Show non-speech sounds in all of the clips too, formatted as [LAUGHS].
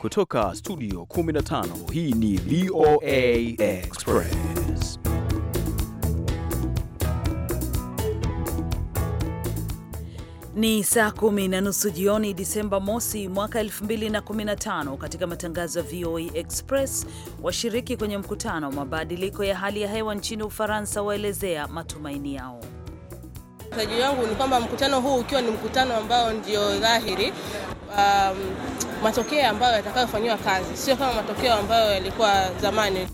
Kutoka studio 15 hii ni VOA Express. Ni saa kumi na nusu jioni Disemba mosi mwaka 2015. Katika matangazo ya VOA Express, washiriki kwenye mkutano wa mabadiliko ya hali ya hewa nchini Ufaransa waelezea matumaini yao. Tarajio yangu ni kwamba mkutano huu ukiwa ni mkutano ambao ndio dhahiri um, matokeo ambayo yatakayofanyiwa kazi, sio kama matokeo ambayo yalikuwa zamani.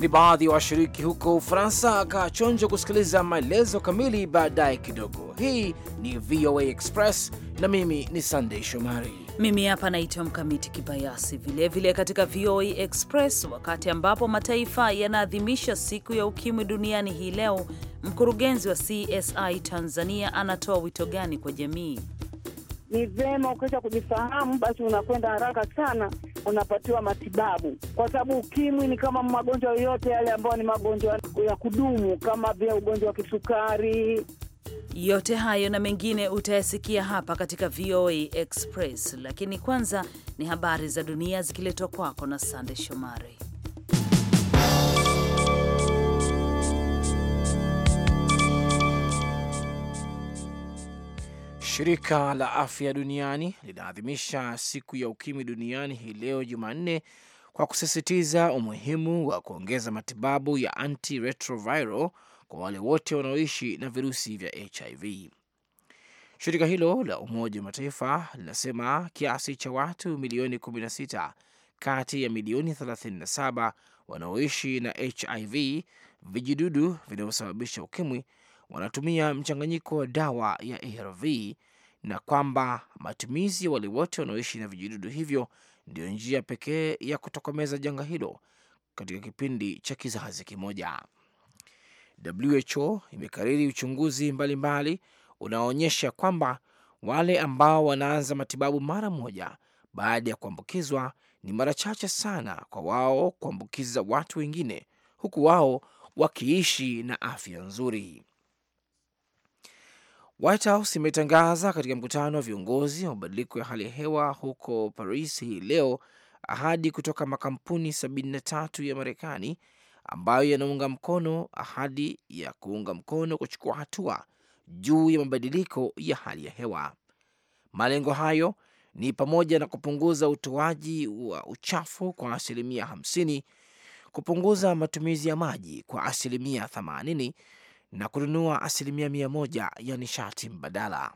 Ni baadhi ya wa washiriki huko Ufaransa. akachonjwa kusikiliza maelezo kamili baadaye kidogo. Hii ni VOA Express na mimi ni Sandey Shomari. Mimi hapa naitwa Mkamiti Kibayasi. Vilevile katika VOA Express, wakati ambapo mataifa yanaadhimisha siku ya ukimwi duniani hii leo, mkurugenzi wa CSI Tanzania anatoa wito gani kwa jamii? ni vyema ukiweza kujifahamu, basi unakwenda haraka sana, unapatiwa matibabu, kwa sababu ukimwi ni kama magonjwa yoyote yale ambayo ni magonjwa ya kudumu kama vile ugonjwa wa kisukari. Yote hayo na mengine utayasikia hapa katika VOA Express, lakini kwanza ni habari za dunia zikiletwa kwako na Sande Shomari. Shirika la Afya Duniani linaadhimisha siku ya ukimwi duniani hii leo Jumanne kwa kusisitiza umuhimu wa kuongeza matibabu ya antiretroviral kwa wale wote wanaoishi na virusi vya HIV. Shirika hilo la Umoja wa Mataifa linasema kiasi cha watu milioni 16 kati ya milioni 37 wanaoishi na HIV, vijidudu vinavyosababisha ukimwi wanatumia mchanganyiko wa dawa ya ARV na kwamba matumizi ya wale wote wanaoishi na vijidudu hivyo ndiyo njia pekee ya kutokomeza janga hilo katika kipindi cha kizazi kimoja. WHO imekariri uchunguzi mbalimbali unaoonyesha kwamba wale ambao wanaanza matibabu mara moja baada ya kuambukizwa ni mara chache sana kwa wao kuambukiza watu wengine, huku wao wakiishi na afya nzuri. White House imetangaza katika mkutano wa viongozi wa mabadiliko ya hali ya hewa huko Paris hii leo ahadi kutoka makampuni 73 ya Marekani ambayo yanaunga mkono ahadi ya kuunga mkono kuchukua hatua juu ya mabadiliko ya hali ya hewa. Malengo hayo ni pamoja na kupunguza utoaji wa uchafu kwa asilimia 50, kupunguza matumizi ya maji kwa asilimia 80 na kununua asilimia mia moja ya nishati mbadala.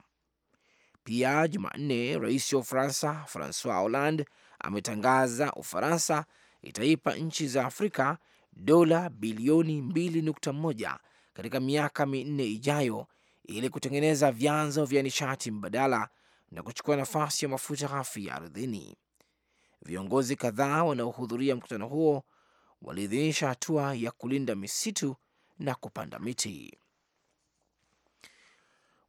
Pia Jumanne, rais wa Ufaransa Francois Hollande ametangaza Ufaransa itaipa nchi za Afrika dola bilioni 2.1 katika miaka minne ijayo ili kutengeneza vyanzo vya nishati mbadala na kuchukua nafasi ya mafuta ghafi ya ardhini. Viongozi kadhaa wanaohudhuria mkutano huo waliidhinisha hatua ya kulinda misitu na kupanda miti.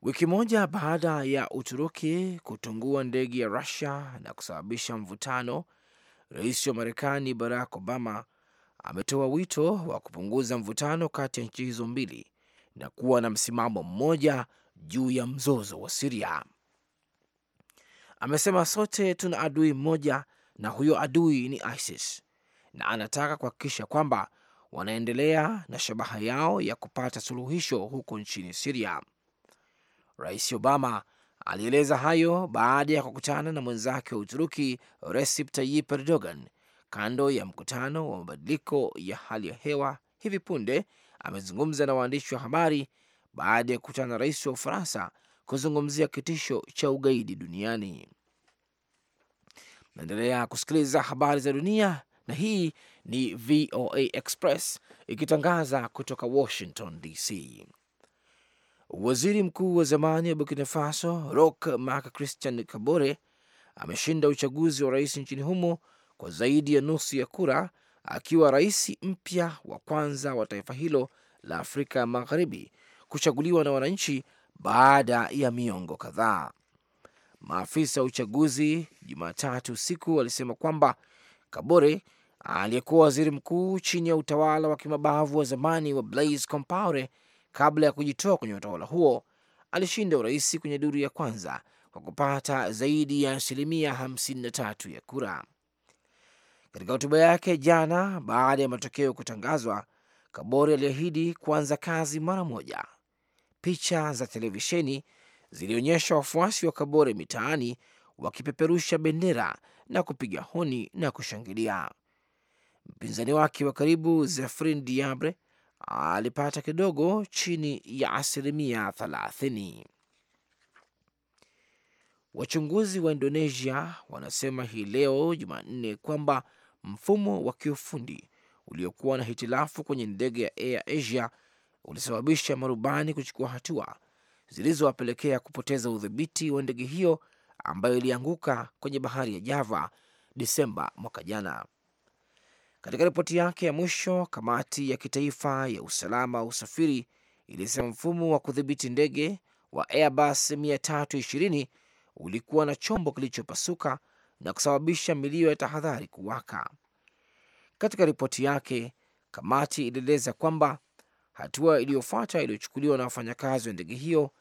Wiki moja baada ya Uturuki kutungua ndege ya Rusia na kusababisha mvutano, rais wa Marekani Barack Obama ametoa wito wa kupunguza mvutano kati ya nchi hizo mbili na kuwa na msimamo mmoja juu ya mzozo wa Siria. Amesema sote tuna adui mmoja, na huyo adui ni ISIS na anataka kuhakikisha kwamba wanaendelea na shabaha yao ya kupata suluhisho huko nchini Siria. Rais Obama alieleza hayo baada ya kukutana na mwenzake wa Uturuki Recep Tayyip Erdogan kando ya mkutano wa mabadiliko ya hali ya hewa. Hivi punde amezungumza na waandishi wa habari baada ya kukutana na rais wa Ufaransa kuzungumzia kitisho cha ugaidi duniani. Naendelea kusikiliza habari za dunia, na hii ni VOA Express ikitangaza kutoka Washington DC. Waziri mkuu wa zamani wa Burkina Faso Roch Marc Christian Kabore ameshinda uchaguzi wa rais nchini humo kwa zaidi ya nusu ya kura, akiwa rais mpya wa kwanza wa taifa hilo la Afrika Magharibi kuchaguliwa na wananchi baada ya miongo kadhaa. Maafisa wa uchaguzi Jumatatu usiku walisema kwamba Kabore aliyekuwa waziri mkuu chini ya utawala wa kimabavu wa zamani wa Blaise Compaore kabla ya kujitoa kwenye utawala huo, alishinda urais kwenye duru ya kwanza kwa kupata zaidi ya asilimia tatu ya kura. Katika hotuba yake jana baada ya matokeo kutangazwa, Kabore aliahidi kuanza kazi mara moja. Picha za televisheni zilionyesha wafuasi wa Kabore mitaani wakipeperusha bendera na kupiga honi na kushangilia. Mpinzani wake wa karibu Zefrin Diabre alipata kidogo chini ya asilimia thelathini. Wachunguzi wa Indonesia wanasema hii leo Jumanne kwamba mfumo wa kiufundi uliokuwa na hitilafu kwenye ndege ya Air Asia ulisababisha marubani kuchukua hatua zilizowapelekea kupoteza udhibiti wa ndege hiyo ambayo ilianguka kwenye bahari ya Java disemba mwaka jana. Katika ripoti yake ya mwisho, kamati ya kitaifa ya usalama wa usafiri ilisema mfumo wa kudhibiti ndege wa Airbus 320 ulikuwa na chombo kilichopasuka na kusababisha milio ya tahadhari kuwaka. Katika ripoti yake, kamati ilieleza kwamba hatua iliyofuata iliyochukuliwa na wafanyakazi wa ndege hiyo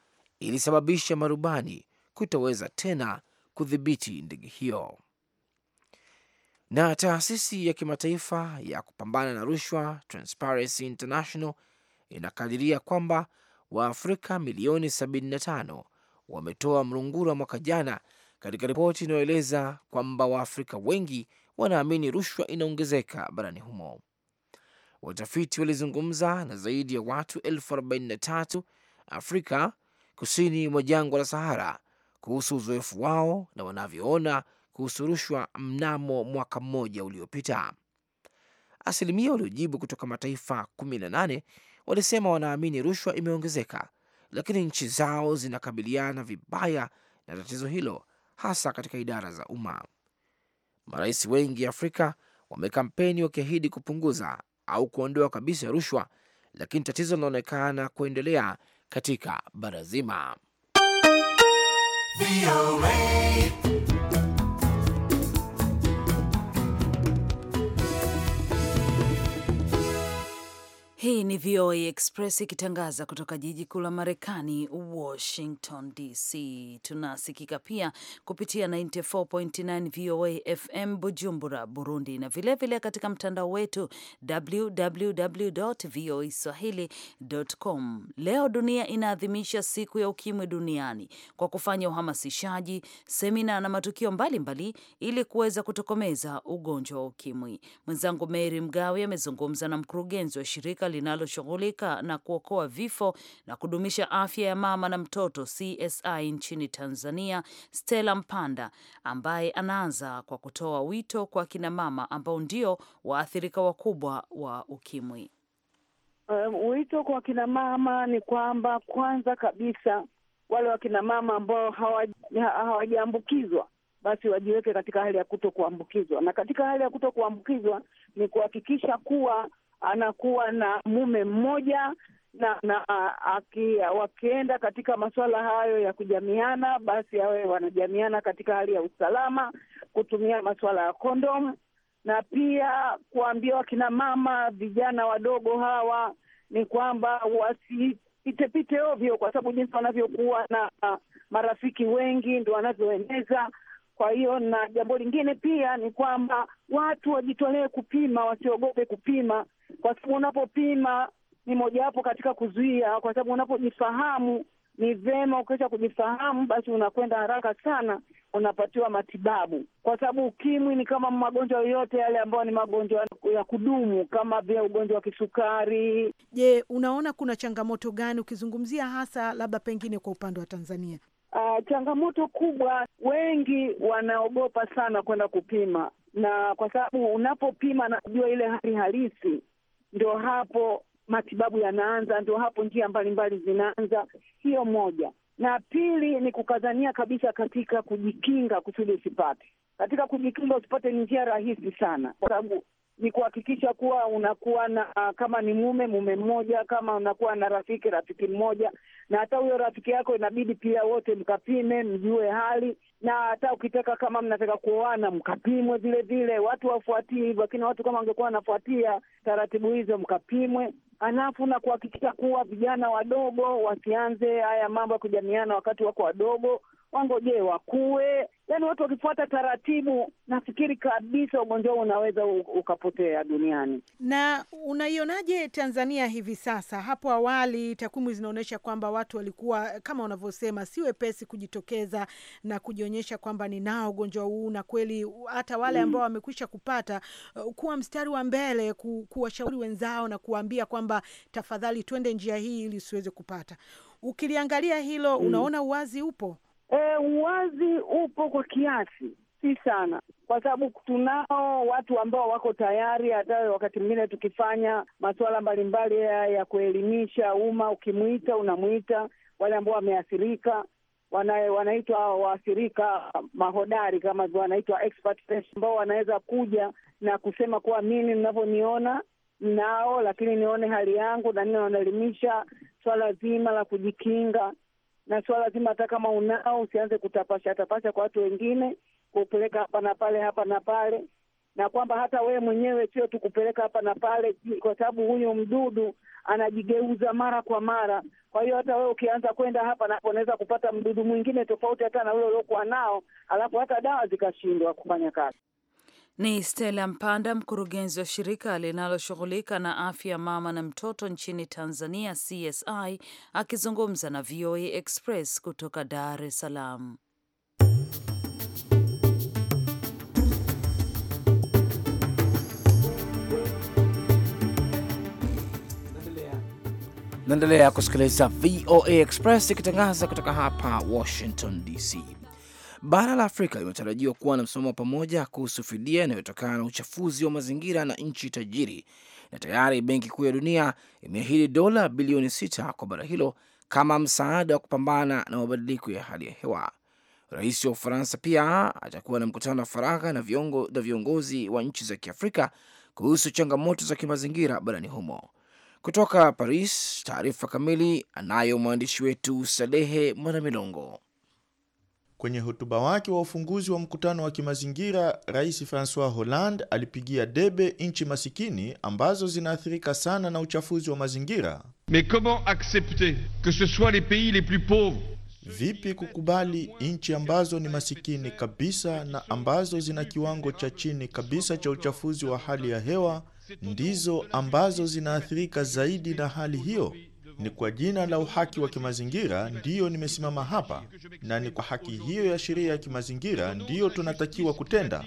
ilisababisha marubani kutoweza tena kudhibiti ndege hiyo. Na taasisi ya kimataifa ya kupambana na rushwa Transparency International inakadiria kwamba Waafrika milioni 75 wametoa mrungura mwaka jana, katika ripoti inayoeleza kwamba Waafrika wengi wanaamini rushwa inaongezeka barani humo. Watafiti walizungumza na zaidi ya watu elfu 43 Afrika kusini mwa jangwa la Sahara kuhusu uzoefu wao na wanavyoona kuhusu rushwa mnamo mwaka mmoja uliopita. Asilimia waliojibu kutoka mataifa 18 walisema wanaamini rushwa imeongezeka, lakini nchi zao zinakabiliana vibaya na tatizo hilo, hasa katika idara za umma. Marais wengi Afrika wamekampeni wakiahidi kupunguza au kuondoa kabisa rushwa, lakini tatizo linaonekana kuendelea katika bara zima. Hii ni VOA Express ikitangaza kutoka jiji kuu la Marekani, Washington DC. Tunasikika pia kupitia 94.9 VOA FM Bujumbura, Burundi, na vilevile vile katika mtandao wetu www voa swahili.com. Leo dunia inaadhimisha siku ya ukimwi duniani kwa kufanya uhamasishaji, semina na matukio mbalimbali mbali, ili kuweza kutokomeza ugonjwa wa ukimwi. Mwenzangu Mary Mgawe amezungumza na mkurugenzi wa shirika linaloshughulika na kuokoa vifo na kudumisha afya ya mama na mtoto CSI nchini Tanzania, Stella Mpanda, ambaye anaanza kwa kutoa wito kwa kina mama ambao ndio waathirika wakubwa wa ukimwi. Um, wito kwa kina mama ni kwamba kwanza kabisa wale wakina mama ambao hawajaambukizwa hawa basi wajiweke katika hali ya kuto kuambukizwa, na katika hali ya kuto kuambukizwa ni kuhakikisha kuwa anakuwa na mume mmoja na, na aki, wakienda katika masuala hayo ya kujamiana, basi awe wanajamiana katika hali ya usalama, kutumia masuala ya kondomu na pia kuambia wakina mama vijana wadogo hawa ni kwamba wasipitepite ovyo, kwa sababu jinsi wanavyokuwa na marafiki wengi ndo wanavyoeneza. Kwa hiyo na jambo lingine pia ni kwamba watu wajitolee kupima, wasiogope kupima, kwa sababu unapopima ni mojawapo katika kuzuia, kwa sababu unapojifahamu ni vema ukiweza kujifahamu, basi unakwenda haraka sana, unapatiwa matibabu, kwa sababu ukimwi ni kama magonjwa yoyote yale ambayo ni magonjwa ya kudumu kama vile ugonjwa wa kisukari. Je, unaona kuna changamoto gani ukizungumzia hasa labda pengine kwa upande wa Tanzania? Uh, changamoto kubwa, wengi wanaogopa sana kwenda kupima, na kwa sababu unapopima na kujua ile hali halisi ndo hapo matibabu yanaanza, ndo hapo njia mbalimbali zinaanza. Hiyo moja, na pili ni kukazania kabisa katika kujikinga kusudi usipate. Katika kujikinga usipate ni njia rahisi sana, kwa sababu ni kuhakikisha kuwa unakuwa na kama ni mume mume mmoja, kama unakuwa na rafiki rafiki mmoja, na hata huyo rafiki yako inabidi pia wote mkapime, mjue hali, na hata ukitaka kama mnataka kuoana mkapimwe vile vile. Watu wafuatii hivyo, lakini watu kama wangekuwa wanafuatia taratibu hizo, mkapimwe alafu na kuhakikisha kuwa vijana wadogo wasianze haya mambo ya kujamiana wakati wako wadogo, wangojee wakuwe. Yani watu wakifuata taratibu, nafikiri kabisa ugonjwa huu unaweza ukapotea duniani. Na unaionaje Tanzania hivi sasa? Hapo awali takwimu zinaonyesha kwamba watu walikuwa kama unavyosema, si wepesi kujitokeza na kujionyesha kwamba ninao ugonjwa huu, na kweli hata wale ambao mm. wamekwisha kupata uh, kuwa mstari wa mbele kuwashauri wenzao na kuwaambia kwamba tafadhali, twende njia hii ili usiweze kupata. Ukiliangalia hilo, mm. unaona uwazi upo E, uwazi upo kwa kiasi, si sana, kwa sababu tunao watu ambao wako tayari. Hata wakati mwingine tukifanya masuala mbalimbali ya kuelimisha umma, ukimwita unamwita wale ambao wameathirika wana, wanaitwa waathirika mahodari kama wanaitwa expert ambao wanaweza kuja na kusema kuwa mimi mnavyoniona nao, lakini nione hali yangu, na nini, wanaelimisha swala zima la kujikinga na swala zima, hata kama unao usianze kutapasha tapasha kwa watu wengine, kupeleka hapa na pale hapa na pale, na kwamba hata wewe mwenyewe sio tu kupeleka hapa na pale, kwa sababu huyo mdudu anajigeuza mara kwa mara. Kwa hiyo hata wewe ukianza kwenda hapa na unaweza kupata mdudu mwingine tofauti hata na ule uliokuwa nao, alafu hata dawa zikashindwa kufanya kazi. Ni Stella Mpanda, mkurugenzi wa shirika linaloshughulika na afya mama na mtoto nchini Tanzania, CSI, akizungumza na VOA Express kutoka Dar es Salaam. Naendelea kusikiliza VOA Express ikitangaza kutoka hapa Washington DC. Bara la Afrika limetarajiwa kuwa na msimamo pamoja kuhusu fidia inayotokana na uchafuzi wa mazingira na nchi tajiri, na tayari Benki Kuu ya Dunia imeahidi dola bilioni sita kwa bara hilo kama msaada wa kupambana na mabadiliko ya hali ya hewa. Rais wa Ufaransa pia atakuwa na mkutano wa faragha na viongo, na viongozi wa nchi za Kiafrika kuhusu changamoto za kimazingira barani humo. Kutoka Paris, taarifa kamili anayo mwandishi wetu Salehe Mwanamilongo. Kwenye hotuba wake wa ufunguzi wa mkutano wa kimazingira, Rais Francois Hollande alipigia debe nchi masikini ambazo zinaathirika sana na uchafuzi wa mazingira. Mais comment accepter que ce soit les pays les plus pauvres Vipi kukubali nchi ambazo ni masikini kabisa na ambazo zina kiwango cha chini kabisa cha uchafuzi wa hali ya hewa ndizo ambazo zinaathirika zaidi na hali hiyo? Ni kwa jina la uhaki wa kimazingira ndiyo nimesimama hapa, na ni kwa haki hiyo ya sheria ya kimazingira ndiyo tunatakiwa kutenda.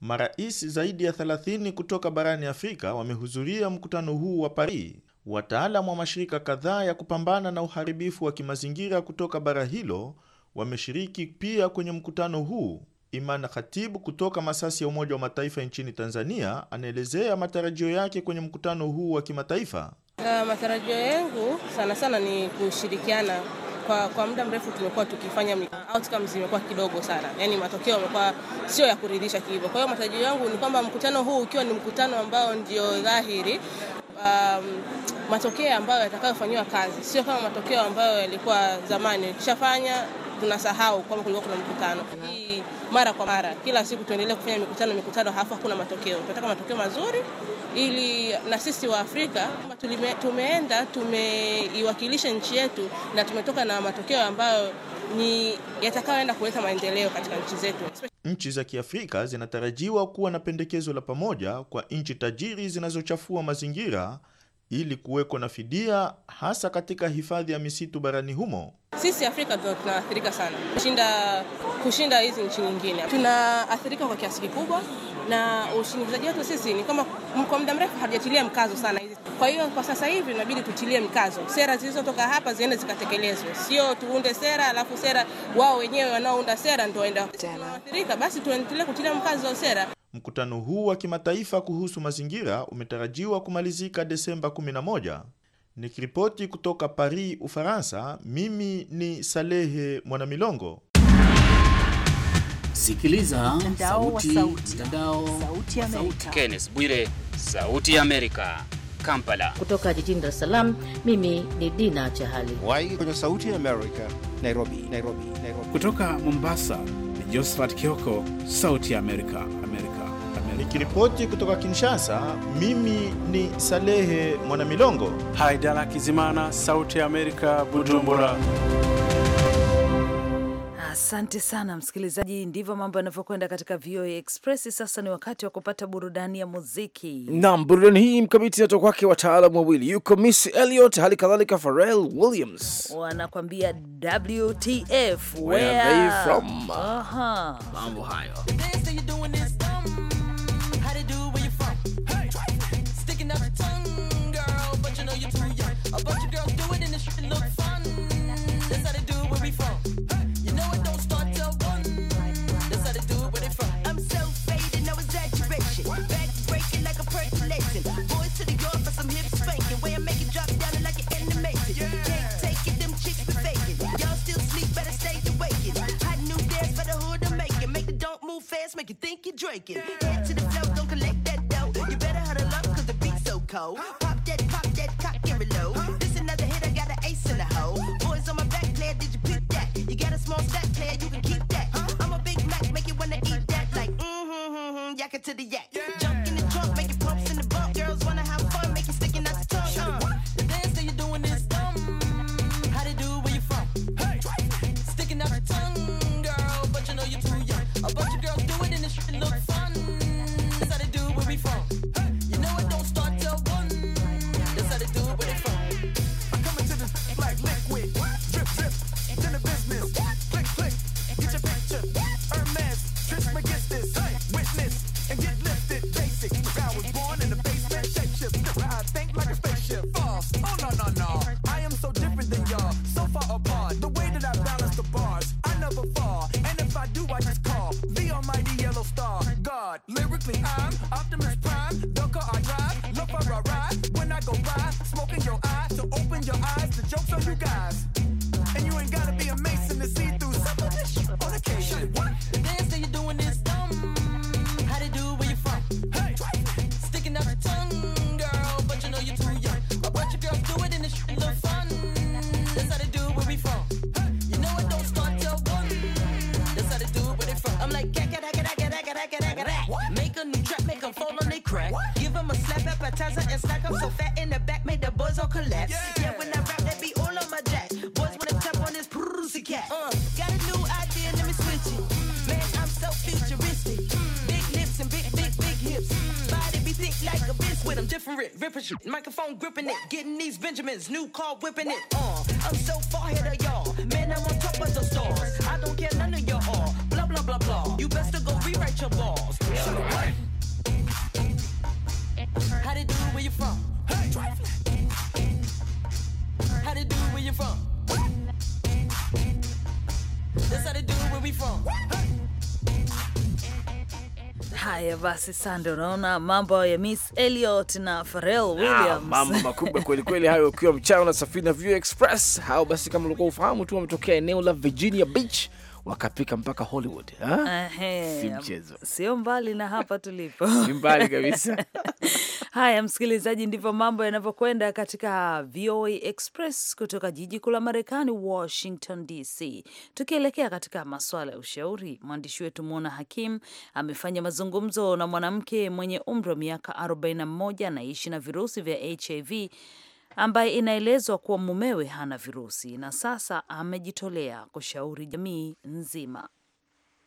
Marais zaidi ya 30 kutoka barani Afrika wamehudhuria mkutano huu wa Paris. Wataalamu wa mashirika kadhaa ya kupambana na uharibifu wa kimazingira kutoka bara hilo wameshiriki pia kwenye mkutano huu. Iman Khatibu kutoka Masasi ya Umoja wa Mataifa nchini Tanzania anaelezea matarajio yake kwenye mkutano huu wa kimataifa. Uh, matarajio yangu sana sana ni kushirikiana kwa, kwa muda mrefu tumekuwa tukifanya outcomes zimekuwa kidogo sana, yani matokeo yamekuwa sio ya kuridhisha kihivyo. Kwa hiyo matarajio yangu ni kwamba mkutano huu ukiwa ni mkutano ambao ndio dhahiri um, matokeo ambayo yatakayofanyiwa kazi, sio kama matokeo ambayo yalikuwa zamani, ukishafanya tunasahau kwamba kulikuwa kuna mkutano. Hii mara kwa mara, kila siku tuendelee kufanya mikutano mikutano, halafu hakuna matokeo. Tunataka matokeo mazuri ili na sisi wa Afrika tumeenda tumeiwakilisha nchi yetu na tumetoka na matokeo ambayo ni yatakayoenda kuleta maendeleo katika nchi zetu. Nchi za Kiafrika zinatarajiwa kuwa na pendekezo la pamoja kwa nchi tajiri zinazochafua mazingira ili kuweko na fidia hasa katika hifadhi ya misitu barani humo. Sisi Afrika tunaathirika sana kushinda kushinda hizi nchi nyingine, tunaathirika kwa kiasi kikubwa na ushinikizaji wetu sisi ni kama kwa muda mrefu hatujatilia mkazo sana hizi. Kwa hiyo kwa sasa hivi inabidi tutilie mkazo, sera zilizotoka hapa ziende zikatekelezwe, sio tuunde sera alafu sera wao wenyewe wanaounda sera ndio waenda. Tunaathirika, basi tuendelee kutilia mkazo sera. Mkutano huu wa kimataifa kuhusu mazingira umetarajiwa kumalizika Desemba 11. Nikiripoti kutoka Paris, Ufaransa, mimi ni Salehe Mwanamilongo. Sikiliza sauti, sauti, sauti ya Amerika. Kenneth Bwire, Sauti ya Amerika. Kampala. Kutoka jijini Dar es Salaam, mimi ni Dina Chahali. Wai kwenye Sauti ya Amerika, Nairobi, Nairobi, Nairobi. Kutoka Mombasa ni Josephat Kioko, Sauti ya Amerika, Amerika. Nikiripoti kutoka Kinshasa, mimi ni Salehe Mwanamilongo. Haidala Kizimana, Sauti ya Amerika, Bujumbura. Asante sana msikilizaji, ndivyo mambo yanavyokwenda katika VOA Express. Sasa ni wakati wa kupata burudani ya muziki. Naam, burudani hii mkamiti inatoka kwake wataalamu wawili, yuko Miss Elliot hali kadhalika Pharrell Williams, wanakuambia WTF, where they from. Mambo hayo too fast, make you think you're drinking. Head to the flow, don't collect that dough. You better huddle up, cause the beat's so cold. Pop that, pop that, cock, give it low. Microphone gripping it, getting these Benjamins. New car whipping it. Uh, I'm so far ahead of y'all. Man, I'm on top of the stars. I don't care none of your all Blah blah blah blah. You best to go rewrite your balls. How they do? Where you from? Hey. How they do? Where you from? That's how they do. Where we from? Haya basi, Sande, unaona mambo ya Miss Elliot na Pharrell Williams, mambo makubwa kweli kweli hayo, ukiwa mchana na na View Express. Hao basi, kama ulikuwa ufahamu tu, wametokea eneo la Virginia Beach wakafika mpaka Hollywood. Eh? Si mchezo, sio mbali na hapa [LAUGHS] tulipo, si mbali kabisa. [LAUGHS] Haya, msikilizaji, ndivyo mambo yanavyokwenda katika VOA Express kutoka jiji kuu la Marekani, Washington DC. Tukielekea katika masuala ya ushauri, mwandishi wetu Mona Hakim amefanya mazungumzo na mwanamke mwenye umri wa miaka 41 anaishi na virusi vya HIV ambaye inaelezwa kuwa mumewe hana virusi na sasa amejitolea kushauri jamii nzima.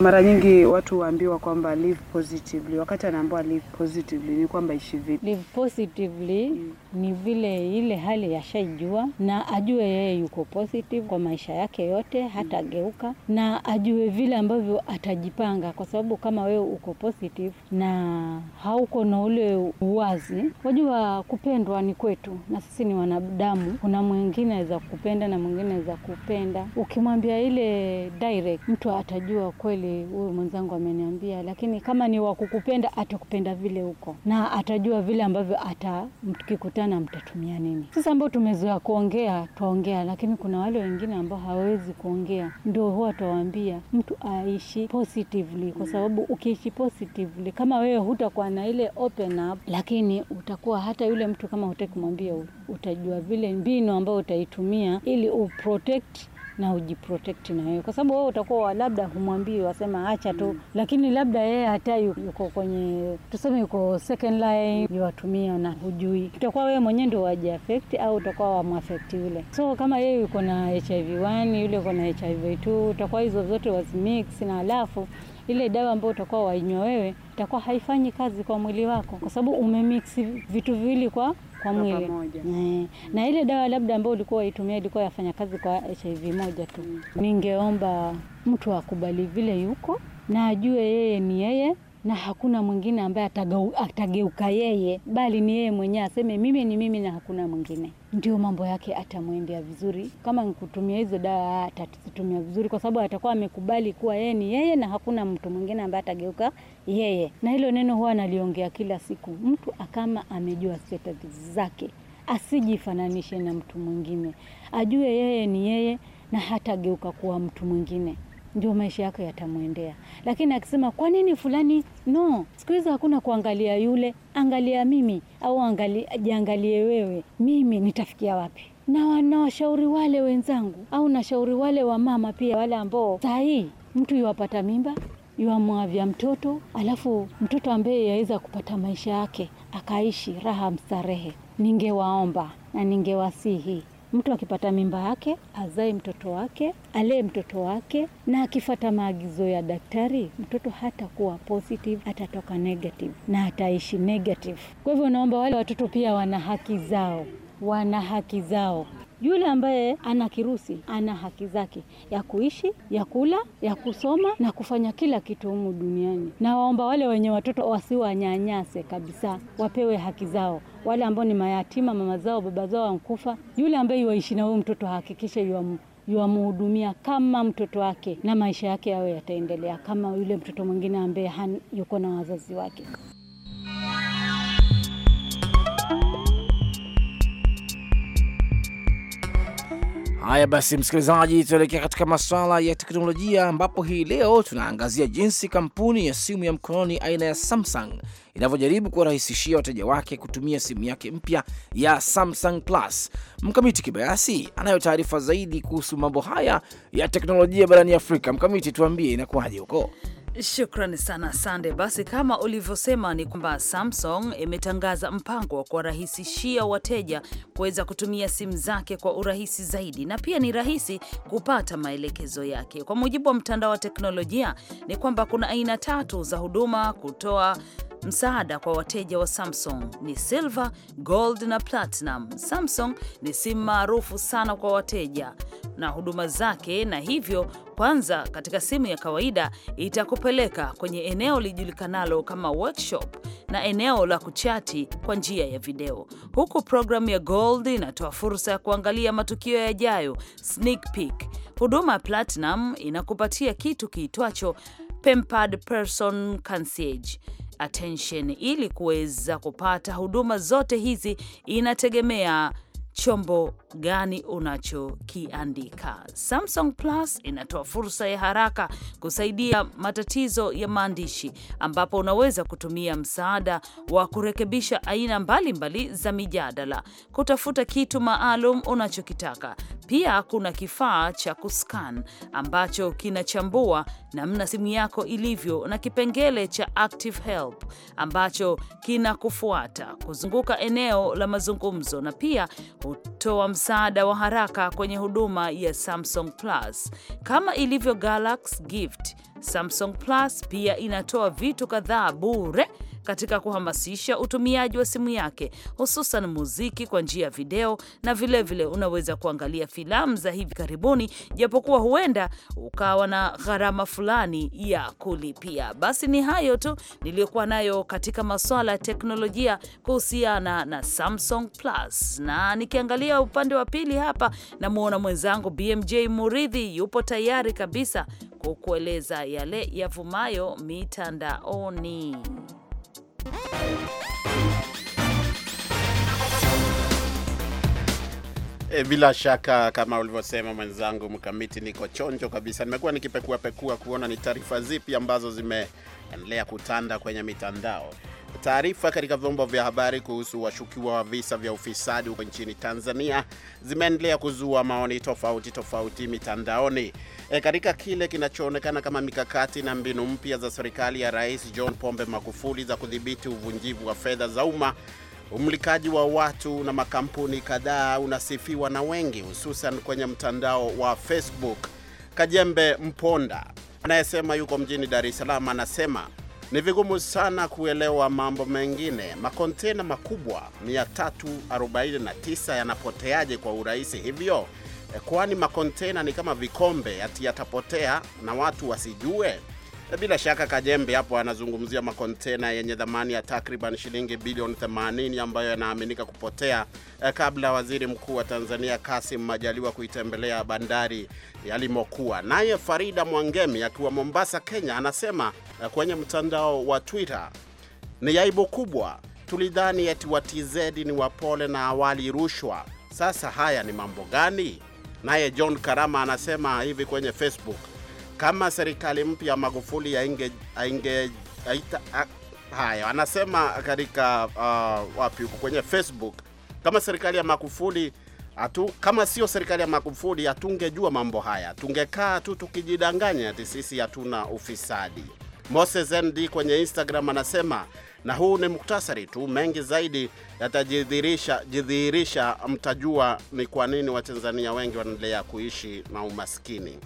Mara nyingi watu waambiwa kwamba live positively. Wakati anaambiwa live positively ni kwamba ishi vipi? Live positively mm. ni vile ile hali yashaijua na ajue yeye yuko positive kwa maisha yake yote, hata mm. geuka na ajue vile ambavyo atajipanga, kwa sababu kama wewe uko positive na hauko na ule uwazi, wajua kupendwa ni kwetu na sisi ni wanadamu. Kuna mwingine aweza kupenda na mwingine aweza kupenda, ukimwambia ile direct, mtu atajua kweli huyu mwenzangu ameniambia, lakini kama ni wa kukupenda atakupenda vile huko na atajua vile ambavyo ata mtukikutana mtatumia nini. Sasa ambao tumezoea kuongea twaongea, lakini kuna wale wengine ambao hawawezi kuongea, ndio huwa twawaambia mtu aishi positively, kwa sababu ukiishi positively, kama wewe hutakuwa na ile open up, lakini utakuwa hata yule mtu kama hutaki kumwambia, utajua vile mbinu ambayo utaitumia ili uprotect na ujiprotect na wewe, kwa sababu wewe utakuwa labda humwambii wasema acha tu mm. Lakini labda yeye hata yuko kwenye tuseme, yuko second line yuwatumia na hujui, utakuwa wewe mwenyewe ndio wajiafekti au utakuwa wamwafekti yule. So kama yeye yuko na HIV 1 yule yuko na HIV 2 utakuwa hizo zote wazimix, na alafu ile dawa ambayo utakuwa wainywa wewe itakuwa haifanyi kazi kwa mwili wako, kwa sababu umemix vitu viwili kwa kwa mwili e. Na ile dawa labda ambayo ulikuwa waitumia ilikuwa yafanya kazi kwa HIV moja tu. Mm. Ningeomba mtu akubali vile yuko na ajue yeye ni yeye na hakuna mwingine ambaye atageuka yeye, bali ni yeye mwenyewe aseme mimi ni mimi na hakuna mwingine, ndio mambo yake atamwendea vizuri. Kama nikutumia hizo dawa atazitumia vizuri, kwa sababu atakuwa amekubali kuwa yeye ni yeye na hakuna mtu mwingine ambaye atageuka yeye. Na hilo neno huwa analiongea kila siku, mtu akama amejua status zake, asijifananishe na mtu mwingine, ajue yeye ni yeye na hatageuka kuwa mtu mwingine ndio maisha yako yatamwendea. Lakini akisema kwa nini fulani, no, siku hizi hakuna kuangalia yule, angalia mimi au jiangalie wewe, mimi nitafikia wapi? Na wanawashauri wale wenzangu au nashauri wale wa mama pia, wale ambao saa hii mtu yuwapata mimba yuwamwavya mtoto, alafu mtoto ambaye yaweza kupata maisha yake akaishi raha mstarehe, ningewaomba na ningewasihi mtu akipata mimba yake azae mtoto wake alee mtoto wake, na akifata maagizo ya daktari, mtoto hatakuwa positive, atatoka negative na ataishi negative. Kwa hivyo naomba wale watoto pia wana haki zao, wana haki zao. Yule ambaye ana kirusi ana haki zake ya kuishi, ya kula, ya kusoma na kufanya kila kitu humu duniani, na waomba wale wenye watoto wasiwanyanyase kabisa, wapewe haki zao. Wale ambao ni mayatima, mama zao baba zao wamkufa, yule ambaye yuwaishi na huyu mtoto ahakikishe yuwamhudumia kama mtoto wake, na maisha yake yawe yataendelea kama yule mtoto mwingine ambaye yuko na wazazi wake. Haya basi, msikilizaji, tuelekea katika masuala ya teknolojia, ambapo hii leo tunaangazia jinsi kampuni ya simu ya mkononi aina ya Samsung inavyojaribu kuwarahisishia wateja wake kutumia simu yake mpya ya Samsung Plus. Mkamiti Kibayasi anayo taarifa zaidi kuhusu mambo haya ya teknolojia barani Afrika. Mkamiti, tuambie inakuwaje huko? Shukrani sana Sande. Basi kama ulivyosema ni kwamba Samsung imetangaza mpango wa kuwarahisishia wateja kuweza kutumia simu zake kwa urahisi zaidi, na pia ni rahisi kupata maelekezo yake. Kwa mujibu wa mtandao wa teknolojia, ni kwamba kuna aina tatu za huduma kutoa Msaada kwa wateja wa Samsung ni silver, gold na platinum. Samsung ni simu maarufu sana kwa wateja na huduma zake, na hivyo kwanza, katika simu ya kawaida itakupeleka kwenye eneo lijulikanalo kama workshop na eneo la kuchati kwa njia ya video, huku programu ya gold inatoa fursa ya kuangalia matukio yajayo, sneak peek. Huduma ya platinum inakupatia kitu kiitwacho pampered person concierge attention. Ili kuweza kupata huduma zote hizi, inategemea chombo gani unachokiandika. Samsung Plus inatoa fursa ya haraka kusaidia matatizo ya maandishi, ambapo unaweza kutumia msaada wa kurekebisha aina mbalimbali mbali za mijadala, kutafuta kitu maalum unachokitaka, pia kuna kifaa cha kuscan ambacho kinachambua namna simu yako ilivyo na kipengele cha active help ambacho kinakufuata kuzunguka eneo la mazungumzo, na pia hutoa msaada wa haraka kwenye huduma ya Samsung Plus kama ilivyo Galaxy Gift. Samsung Plus pia inatoa vitu kadhaa bure katika kuhamasisha utumiaji wa simu yake, hususan muziki kwa njia ya video, na vilevile vile unaweza kuangalia filamu za hivi karibuni, japokuwa huenda ukawa na gharama fulani ya kulipia. Basi ni hayo tu niliyokuwa nayo katika masuala ya teknolojia kuhusiana na Samsung Plus, na nikiangalia upande wa pili hapa, namwona mwenzangu BMJ Muridhi yupo tayari kabisa kukueleza yale yavumayo mitandaoni. Música E, bila shaka kama ulivyosema mwenzangu Mkamiti, niko chonjo kabisa. Nimekuwa nikipekua pekua kuona ni taarifa zipi ambazo zimeendelea kutanda kwenye mitandao. Taarifa katika vyombo vya habari kuhusu washukiwa wa visa vya ufisadi huko nchini Tanzania zimeendelea kuzua maoni tofauti tofauti mitandaoni. E, katika kile kinachoonekana kama mikakati na mbinu mpya za serikali ya Rais John Pombe Magufuli za kudhibiti uvunjivu wa fedha za umma Umlikaji wa watu na makampuni kadhaa unasifiwa na wengi, hususan kwenye mtandao wa Facebook. Kajembe Mponda anayesema yuko mjini Dar es Salaam anasema ni vigumu sana kuelewa mambo mengine. Makontena makubwa 349 yanapoteaje kwa urahisi hivyo? Eh, kwani makontena ni kama vikombe, ati yatapotea na watu wasijue? Bila shaka Kajembe hapo anazungumzia makontena yenye dhamani ya takriban shilingi bilioni 80 ambayo yanaaminika kupotea eh, kabla waziri mkuu wa Tanzania Kasim Majaliwa kuitembelea bandari yalimokuwa. Naye Farida Mwangemi akiwa Mombasa, Kenya, anasema eh, kwenye mtandao wa Twitter, ni aibu kubwa, tulidhani eti wa ni wapole na awali rushwa. Sasa haya ni mambo gani? Naye John Karama anasema hivi kwenye Facebook kama serikali mpya Magufuli ainge ainge aita haya, anasema katika uh, wapi huko kwenye Facebook, kama serikali ya Magufuli atu, kama sio serikali ya Magufuli hatungejua mambo haya, tungekaa tu tukijidanganya ati sisi hatuna ufisadi. Moses ND kwenye Instagram anasema na huu ni muktasari tu, mengi zaidi yatajidhihirisha jidhihirisha, mtajua ni kwa nini Watanzania wengi wanaendelea kuishi na umaskini.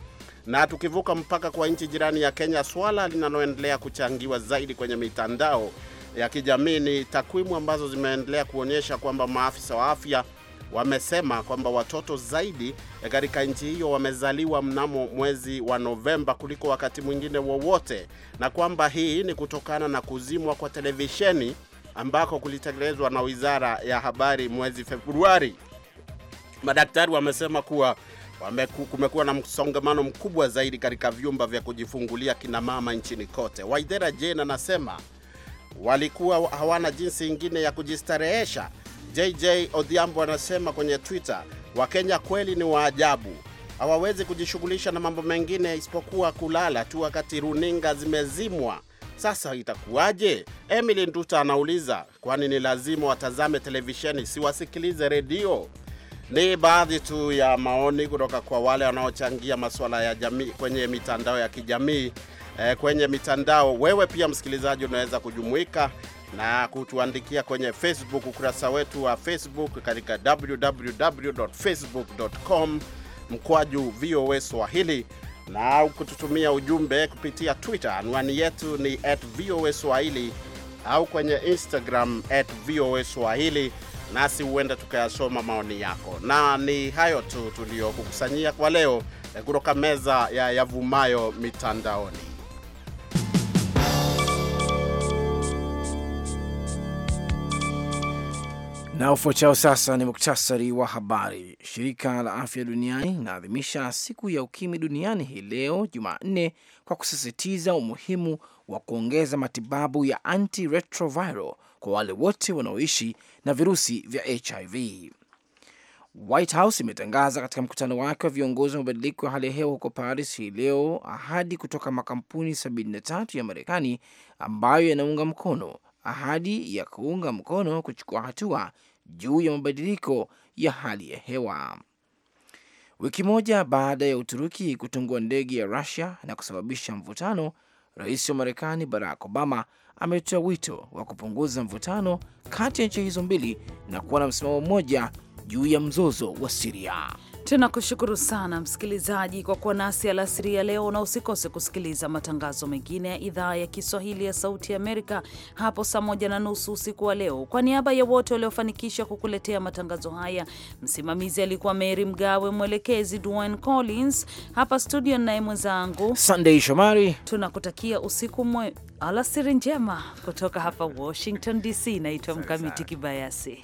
Na tukivuka mpaka kwa nchi jirani ya Kenya, swala linaloendelea kuchangiwa zaidi kwenye mitandao ya kijamii ni takwimu ambazo zimeendelea kuonyesha kwamba maafisa wa afya wamesema kwamba watoto zaidi katika nchi hiyo wamezaliwa mnamo mwezi wa Novemba kuliko wakati mwingine wowote, na kwamba hii ni kutokana na kuzimwa kwa televisheni ambako kulitekelezwa na Wizara ya Habari mwezi Februari. Madaktari wamesema kuwa kumekuwa na msongamano mkubwa zaidi katika vyumba vya kujifungulia kinamama nchini kote. Waidera Jane anasema walikuwa hawana jinsi ingine ya kujistarehesha. JJ Odhiambo anasema kwenye Twitter, Wakenya kweli ni waajabu, hawawezi kujishughulisha na mambo mengine isipokuwa kulala tu wakati runinga zimezimwa. Sasa itakuwaje? Emily Nduta anauliza, kwani ni lazima watazame televisheni, siwasikilize redio? Ni baadhi tu ya maoni kutoka kwa wale wanaochangia masuala ya jamii kwenye mitandao ya kijamii. E, kwenye mitandao, wewe pia msikilizaji unaweza kujumuika na kutuandikia kwenye Facebook, ukurasa wetu wa Facebook katika www.facebook.com mkwaju VOA Swahili na kututumia ujumbe kupitia Twitter. Anwani yetu ni at VOA Swahili au kwenye Instagram at VOA Swahili nasi huenda tukayasoma maoni yako, na ni hayo tu tuliyokukusanyia kwa leo eh, kutoka meza ya yavumayo mitandaoni. Na ufuatao sasa ni muktasari wa habari. Shirika la Afya Duniani linaadhimisha siku ya ukimwi duniani hii leo Jumanne kwa kusisitiza umuhimu wa kuongeza matibabu ya antiretroviral kwa wale wote wanaoishi na virusi vya HIV. White House imetangaza katika mkutano wake wa viongozi wa mabadiliko ya hali ya hewa huko Paris hii leo ahadi kutoka makampuni 73 ya Marekani ambayo yanaunga mkono ahadi ya kuunga mkono kuchukua hatua juu ya mabadiliko ya hali ya hewa. Wiki moja baada ya Uturuki kutungua ndege ya Rusia na kusababisha mvutano, rais wa Marekani Barack Obama ametoa wito wa kupunguza mvutano kati ya nchi hizo mbili na kuwa na msimamo mmoja juu ya mzozo wa Siria. Tunakushukuru sana msikilizaji kwa kuwa nasi alasiri ya leo, na usikose kusikiliza matangazo mengine ya idhaa ya Kiswahili ya Sauti ya Amerika hapo saa moja na nusu usiku wa leo. Kwa niaba ya wote waliofanikisha kukuletea matangazo haya, msimamizi alikuwa Mary Mgawe, mwelekezi Dwayne Collins, hapa studio naye mwenzangu Sandei Shomari. Tunakutakia usiku mwe, alasiri njema kutoka hapa Washington DC. Naitwa Mkamiti Kibayasi.